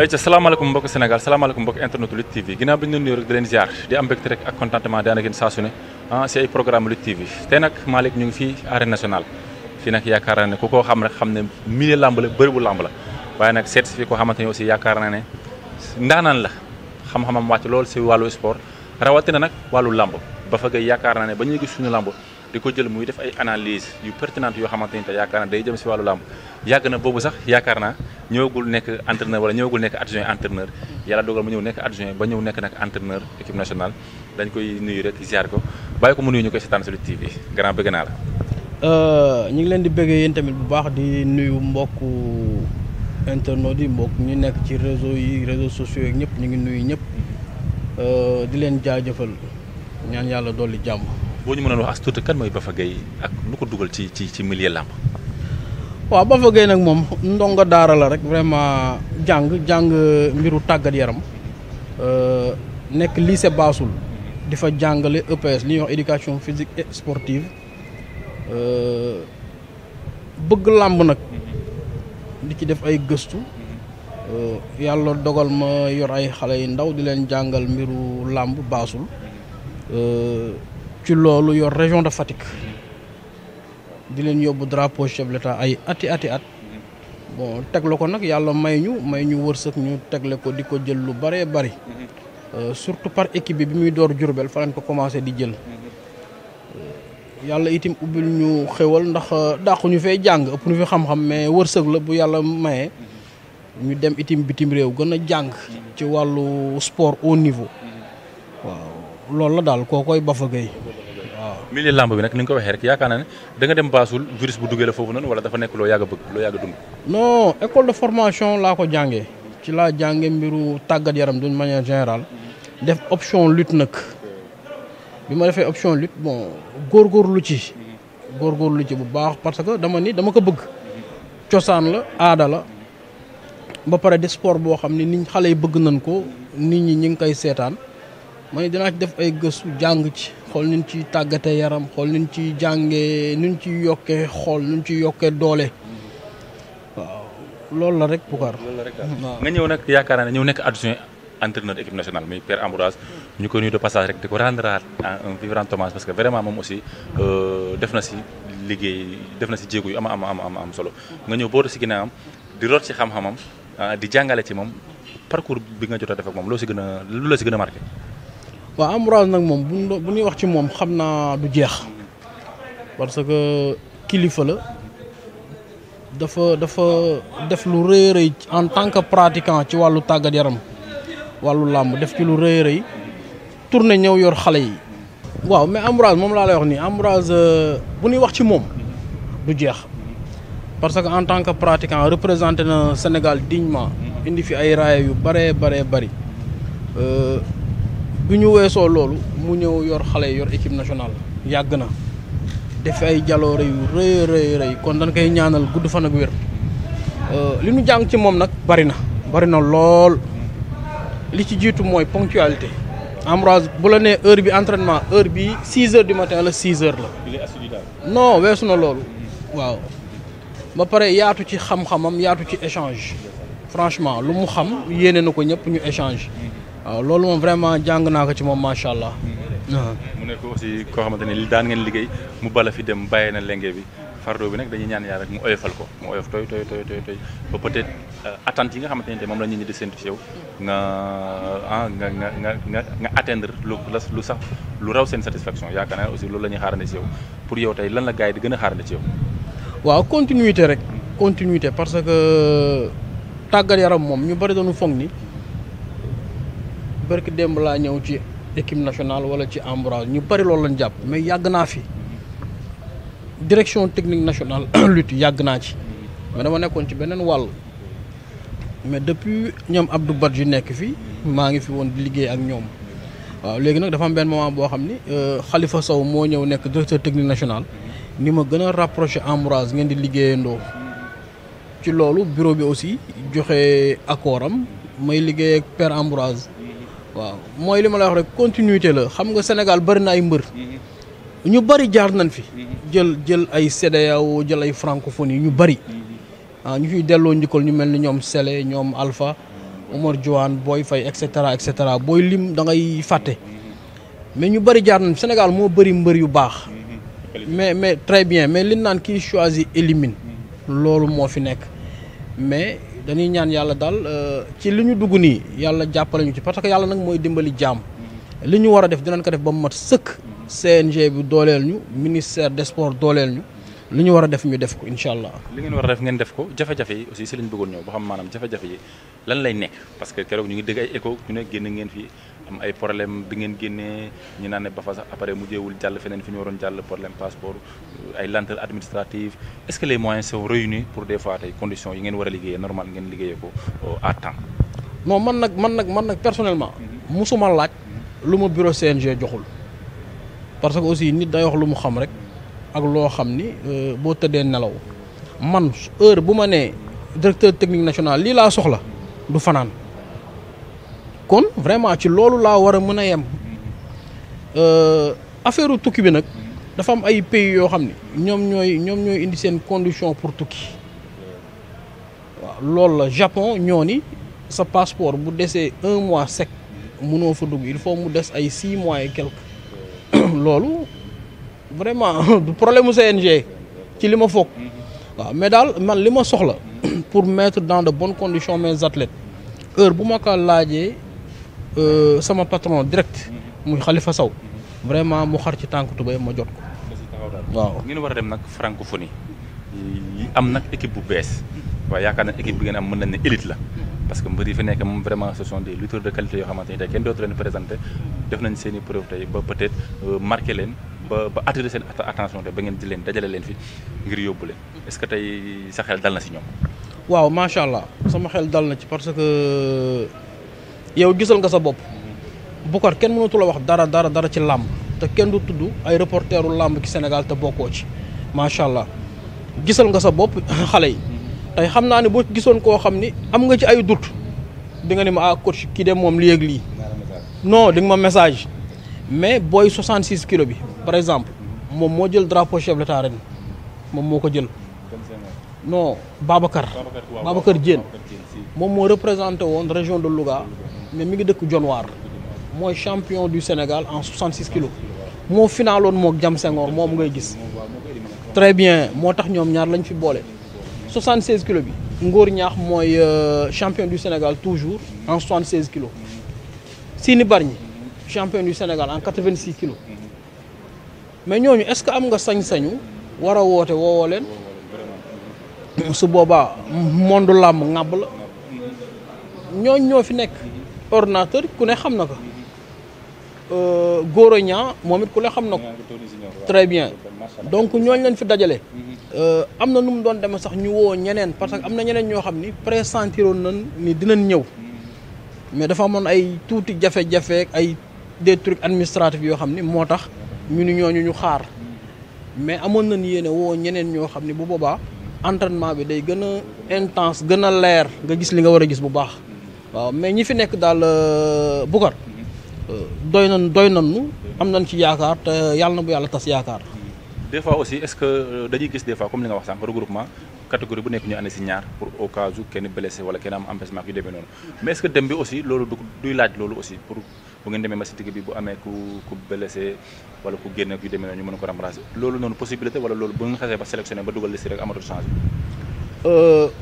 ayca salaamaaleykum mbokk Sénégal salaamaaleykum mbokk internet Lutte TV ginnaaw bi ñu leen nuyoo rek di leen ziar di am mbégte rek ak contentement di ànd ne ah si ay programme Lutte TV tey nag Malick ñu ngi fii arène national fii nag yaakaar naa ne ku koo xam rek xam ne milieu lamb la bëri bu lamb la waaye nag seet si fi koo xamante ne aussi yaakaar naa ne ndaanaan la xam-xamam wàcc lool si wàllu sport rawatina nag wàllu lamb ba fa gay yaakaar naa ne ba ñuy gis suñu lamb di ko jël muy def ay analyse yu pertinente yoo xamante ni te yaakaar naa day jëm si wàllu làmb yàgg na boobu sax yaakaar naa ñëwagul nekk entraîneur wala ñëwagul nekk adjoint entraîneur yàlla dogal ñëw nekk adjoint ba ñëw nekk nag entraîneur équipe dañ koy nuyu rek ziar ko bàyyi ko mu nuyu ñu koy seetaan sur TV grand bëgg naa la euh, ñu ngi leen di bëggee yéen tamit bu baax di nuyu mbokku internautes yi mbokk ñu nekk ci réseau yi réseaux sociaux yi ñëpp ñu ngi nuyu ñëpp euh, di leen jaajëfal ñaan yàlla dolli jàmm boo ñu mënoon wax as tuuti kan mooy Bafa Gueye ak nu ko dugal ci ci ci milieu làmb. waaw Bafa Gueye nag moom ndongo daara la rek vraiment jàng jàng mbiru tàggat yaram euh, nekk lycée Bassoul di fa jàngale EPS li ñuy wax éducation physique et sportive euh, bëgg làmb nag di ci def ay gëstu. Euh, yàlla dogal ma yor ay xale yu ndaw di leen jàngal mbiru làmb Bassoul. ci loolu yor région de Fatick di leen yóbbu drapeau chef de ay ati ati at bon tegle ko nag yàlla may ñu may ñu wërsëg ñu tegle ko di ko jël lu bëree bëri euh, surtout par équipe bi bi muy door Jurbel fa lañ ko commencé di jël euh, yàlla itim ubbil ñu xéwal ndax euh, dàqu ñu fee jàng ëpp ñu fi xam-xam mais wërsëg la bu yàlla mayee ñu dem itim bitim réew gën a jàng ci wàllu sport au niveau waaw loolu la daal koo koy Bafa Gueye milieu lamb bi nag ni nga ko dengan rek ne da nga dem basul virus bu duggee la foofu noonu wala dafa nekk loo yaga a bëgg loo yàgg a dund. non école de formation la ko jàngee ci laa jàngee mbiru tàggat yaram d'une manière générale def option lutte nak bi ma option lutte bon góorgóorlu ci góorgóorlu ci bu baax parce que dama ni dama ko bëgg cosaan la ada la ba pare di sport bo xamni niñ xalé bëgg nañ ko nit ñi ñi ngi koy sétane man dina ci def ay gëssu jang ci xol nuñ ci tàggate yaram xol nuñ ci jàngee nuñ ci yokkee yoke nuñ ci yokkee doole waaw loolu la rek Boucar. loolu nga ñëw nag yaakaar naa nasional ñëw nekk adjoint entraîneur équipe nationale muy Père Ambroise ñu ko nuyu de passage rek di ko rendre un vibrant thomas parce que vraiment moom aussi euh, def na si liggéey def na si jéego yu am am am am solo nga ñëw booru si ginnaawam di rot si xam-xamam ah, di jàngale ci moom parcours bi nga jot a def ak moom loo si gën a lu la marqué. waaw Ambroise nag moom bu bu ñuy wax ci moom xam naa du jeex parce que kilifa la dafa dafa def lu rëy rëy en tant que pratiquant ci wàllu tàggat yaram wàllu làmb def ci lu rëy rëy tourné ñëw yor xale yi. waaw mais Ambroise moom laa lay wax nii Ambroise euh, bu ñuy wax ci moom du jeex parce que en tant que pratiquant représenté na Sénégal dignement indi fi ay raaya yu bëree bëree bëri. bi ñu weesoo loolu mu ñëw yor xale yor équipe nationale yàgg na def ay jaloore yu rëy rëy kon dañ koy ñaanal gudd fan ak wér euh, li ñu jàng ci moom nag bari na bari na lool li ci jiitu mooy ponctualité Ambroise bu la nee heure bi entraînement heure bi six heures du matin la six heures la non weesu na loolu waaw ba pare yaatu ci xam-xamam yaatu ci échange franchement lu mu xam yéene na ko ñëpp ñu échange waaw loolu moom vraiment jàng naa ko ci moom macha allah. mu nekk aussi koo xamante ne li daan ngeen liggéey mu bala fi dem bàyyi na lenge bi fardeau bi nag dañuy ñaan yàlla rek mu oyofal ko mu oyof tooy tooy tooy tooy ba peut-être euh, attentes yi nga xamante ne moom la ñu ñi di séntu ci yow nga ah nga nga nga nga atteindre lu sax lu raw seen satisfaction yaa naa aussi loolu la ñuy xaarandi ci yow pour yow tey lan la gars yi di gën a xaarandi ci yow. waaw continuité rek. continuité parce que euh, tàggat yaram moom ñu bari doonu foog ni. barki démb laa ñëw ci équipe nationale wala ci Ambroise ñu bari loolu lañ jàpp mais yàgg naa fi direction technique nationale lut yàgg naa ci mais dama nekkoon ci beneen wàll mais depuis ñam ñoom Abdou Badji nekk fi maa ngi fi woon di liggéey ak ñoom waaw léegi nag dafa am benn moment boo xam ni xalifa euh, saw moo ñëw nekk directeur technique national ni ma gën a rapproché Ambroise ngeen di liggéeyandoo ci loolu bureau bi aussi joxe accord may liggéey ak waaw mooy li ma la wax rek continuité la xam nga Sénégal bari na ay mbër. ñu bari jaar nañ fi. jël jël ay CEDEAO jël ay francophonie ñu bari. ah ñu fi delloo njëkkal ñu mel ni ñoom Sélé ñoom alfa Omar Diouane booy fay et cetera et cetera booy lim dangay fàtte. mais ñu bari jaar nañ Sénégal moo bari mbër yu baax. mais mais très bien mais li naan kii choisi élimine loolu moo fi nekk mais. dañuy ñaan yàlla daal euh, ci li ñu dugg nii yàlla jàppale ñu ci parce que yàlla nag mooy dimbali jaam li ñu war a def dinañ ko def ba mu mat sëkk CNG bi dooleel ñu ministère des sports dooleel ñu li ñu war a def ñu def ko incha allah. li ngeen war a def ngeen def ko jafe-jafe yi aussi si lañ bëggoon ñëw ba xam maanaam jafe-jafe yi lan lay nekk parce que keroog ñu ngi dégg ay écho ñu ne génn ngeen fii am ay problème bi ngeen génnee ñu naan ba fa sax après jéwul jall fenen fi ñu waron jall problème passeport ay lenteur administrative est ce que les moyens sont réunis pour des fois tay conditions yi ngeen wara liggéey normal ngeen liggéey ko euh, à temps non man nak man nak man nak personnellement mhm. musuma laaj mhm. lu ma bureau CNG joxul parce que aussi nit day wax lu mu xam rek ak lo xam ni euh, bo teudé nelaw man heure bu né directeur technique national li la soxla du fanane kon vraiment ci loolu la wara a yam a euh, affaire tukki bi nak dafa am ay pays yo xamni ñom ñoy ñom ñoy indi sen condition pour tukki waaw la Japon ñoni sa passeport bu déssé un mois sec mënoo fa dugg il faut mu des ay 6 mois et quelque loolu vraiment du problème mu CNG ci lima ma foog mais dal man lima soxla pour mettre dans de bonnes conditions mes athlètes heure bu ma ko Euh, sama patron direct mhm. muy Khalifa Sow mhm. vraiment mu xar ci tànk tubéy ma jot ko. waaw ngeen war a dem nag francophonie yi am nag équipe bu bees waaye yaakaar na équipe bi ngeen am mën nañ ne élite la parce que mbër yi fi nekk moom vraiment ce sont des lutteurs de qualité yoo xamante ni tey kenn dootu leen présenté def nañ seen i tey ba peut-être euh, leen ba ba seen attention te ba ngeen di leen dajale leen fi ngir yóbbu leen est-ce que tey sa xel si ñoom. yow gisal nga sa bopp Boucar kenn mënatu a wax dara dara dara ci làmb te kenn du tudd ay reporteru làmb ci Sénégal te bokkoo ci macha allah gisal nga sa bopp xale yi tey xam naa ne boo gisoon koo xam ni am nga ci ay doute di nga ne ma ah coach kii de moom li yëg non di nga ma message mais booy 66 kilos bi par exemple moom moo jël drapeau chef moom moo ko jël non Babacar Babacar Diène moom moo représenté woon région de Louga mais mi ngi dëkk Dionewar mooy champion du Sénégal en 66 kilos moo finaaloon moog Jam Senghor moom ngay gis. très bien moo tax ñoom ñaar lañ fi boole 76 kilos bi Ngor Ñaax mooy euh, champion du Sénégal toujours en 76 kilos Sini Bargny champion du Sénégal en 86 kilos mais ñooñu est-ce que am nga sañ-sañu war a woote woowoo leen. su boobaa monde làmb ŋàbb la ñooñ ñoo fi nekk ordinateur ku ne xam na ko euh, Goro Niang momit ku le xam na ko très bien donc ñooñ leen fi dajalé euh amna num doon demee sax ñu wo ñeneen parce que amna na ñeneen ñoo xam ni nañ ni dinañ ñew mais dafa amoon ay touti jafé jafé ay des trucs administratifs yo xamni motax moo tax ñu ni ñu xaar mais amoon nañ yene wo ñeneen ño xamni bu boba entraînement bi day gëna intense gëna a nga gis li nga wara gis bu baax waaw mais ñi fi nekk daal euh, Boucar mm-hmm. euh, doy na doy nanu am nañ ci yaakaar te yàlla na bu yàlla tas yaakaar. des fois aussi est-ce que euh, dañuy gis des fois comme li nga wax sànq regroupement catégorie bu nekk ñu ànd si ñaar pour au cas où kenn blessé wala kenn am empêchement yu demee noonu mais est-ce que dem bi aussi loolu du duy laaj loolu aussi pour bu ngeen demee match digg bi bu amee ku ku blessé wala ku génn yu demee noonu ñu mën ko remplacer loolu noonu possibilité wala loolu bu nga xasee ba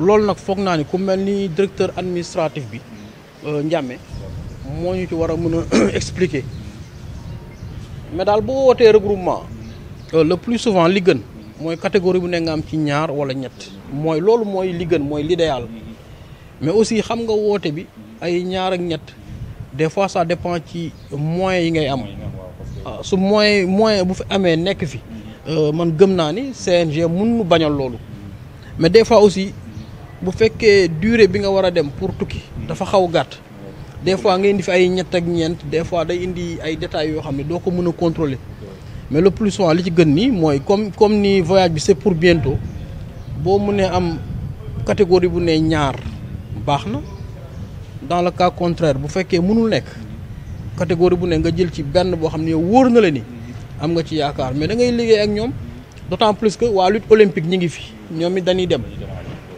lol nak foog naa ku melni directeur administratif bi euh moo moñu ci wara mëna expliquer mais dal boo woté regroupement euh, le plus souvent li gën moy catégorie bu né nga am ci ñaar wala ñett moy lolou moy li gën moy l'idéal mais aussi xam nga woté bi ay ñaar ak ñett des fois ça dépend ci moyens yi ngay am ah, su moyen moyen bu fi amé nek fi euh, man gëm naa ni CNG mënu bañal lolou mais des fois aussi bu fekkee durée bi nga wara dem pour tukki dafa xaw gàtt des fois nga indi fi ay ñett ak ñeent des fois day indi ay détails yoo xam ne doo ko mën contrôler mais le plus souvent li ci gën nii mooy comme comme ni voyage bi c'est pour bientôt boo mënee am catégorie bu ne ñaar baax dans le cas contraire bu fekkee mënul nekk catégorie bu ne nga jël ci benn boo xam ne yow na la ni am nga ci yaakaar mais da ngay liggéey ak ñoom d'autant plus que waa lutte olympique ñi ngi fi ñoom dañuy dem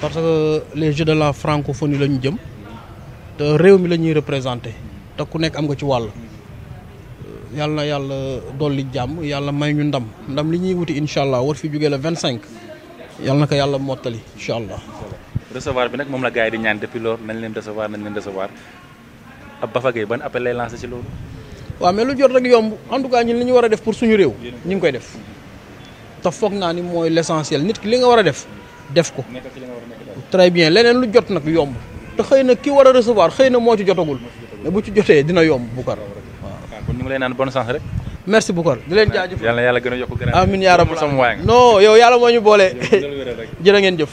parce que les jeux de la francophonie lañu jëm te réew mi la ñuy représenté te ku nekk am nga ci wàll euh, yalla yalla doli dolli yalla may ñu ndam ndam li ñuy wuti inshallah war fi jógee le 25 yalla naka yalla motali inshallah recevoir bi nak mom la gaay di ñaan depuis loolu nañ leen recevoir nañ leen recevoir ab Bafa ban appel lay lancé ci loolu. wa mais lu jot rek yomb en tout cas ñun li ñu wara def pour suñu réew. ñu ngi koy def ta foog naa ni mooy l' essentiel nit ki li nga war a def. def ko très bien leneen lu jot nag yomb te xëy na kii war a recevoir xëy na moo ci jotagul mais bu ci jotee dina yomb bu kar kon ñu ngi lay naan bonne chance rek merci Boucar di leen jaajëf yàlla yàlla gën a yokk a amiin yaa rabbal aalamiin non yow yàlla moo ñu boole jërë ngeen jëf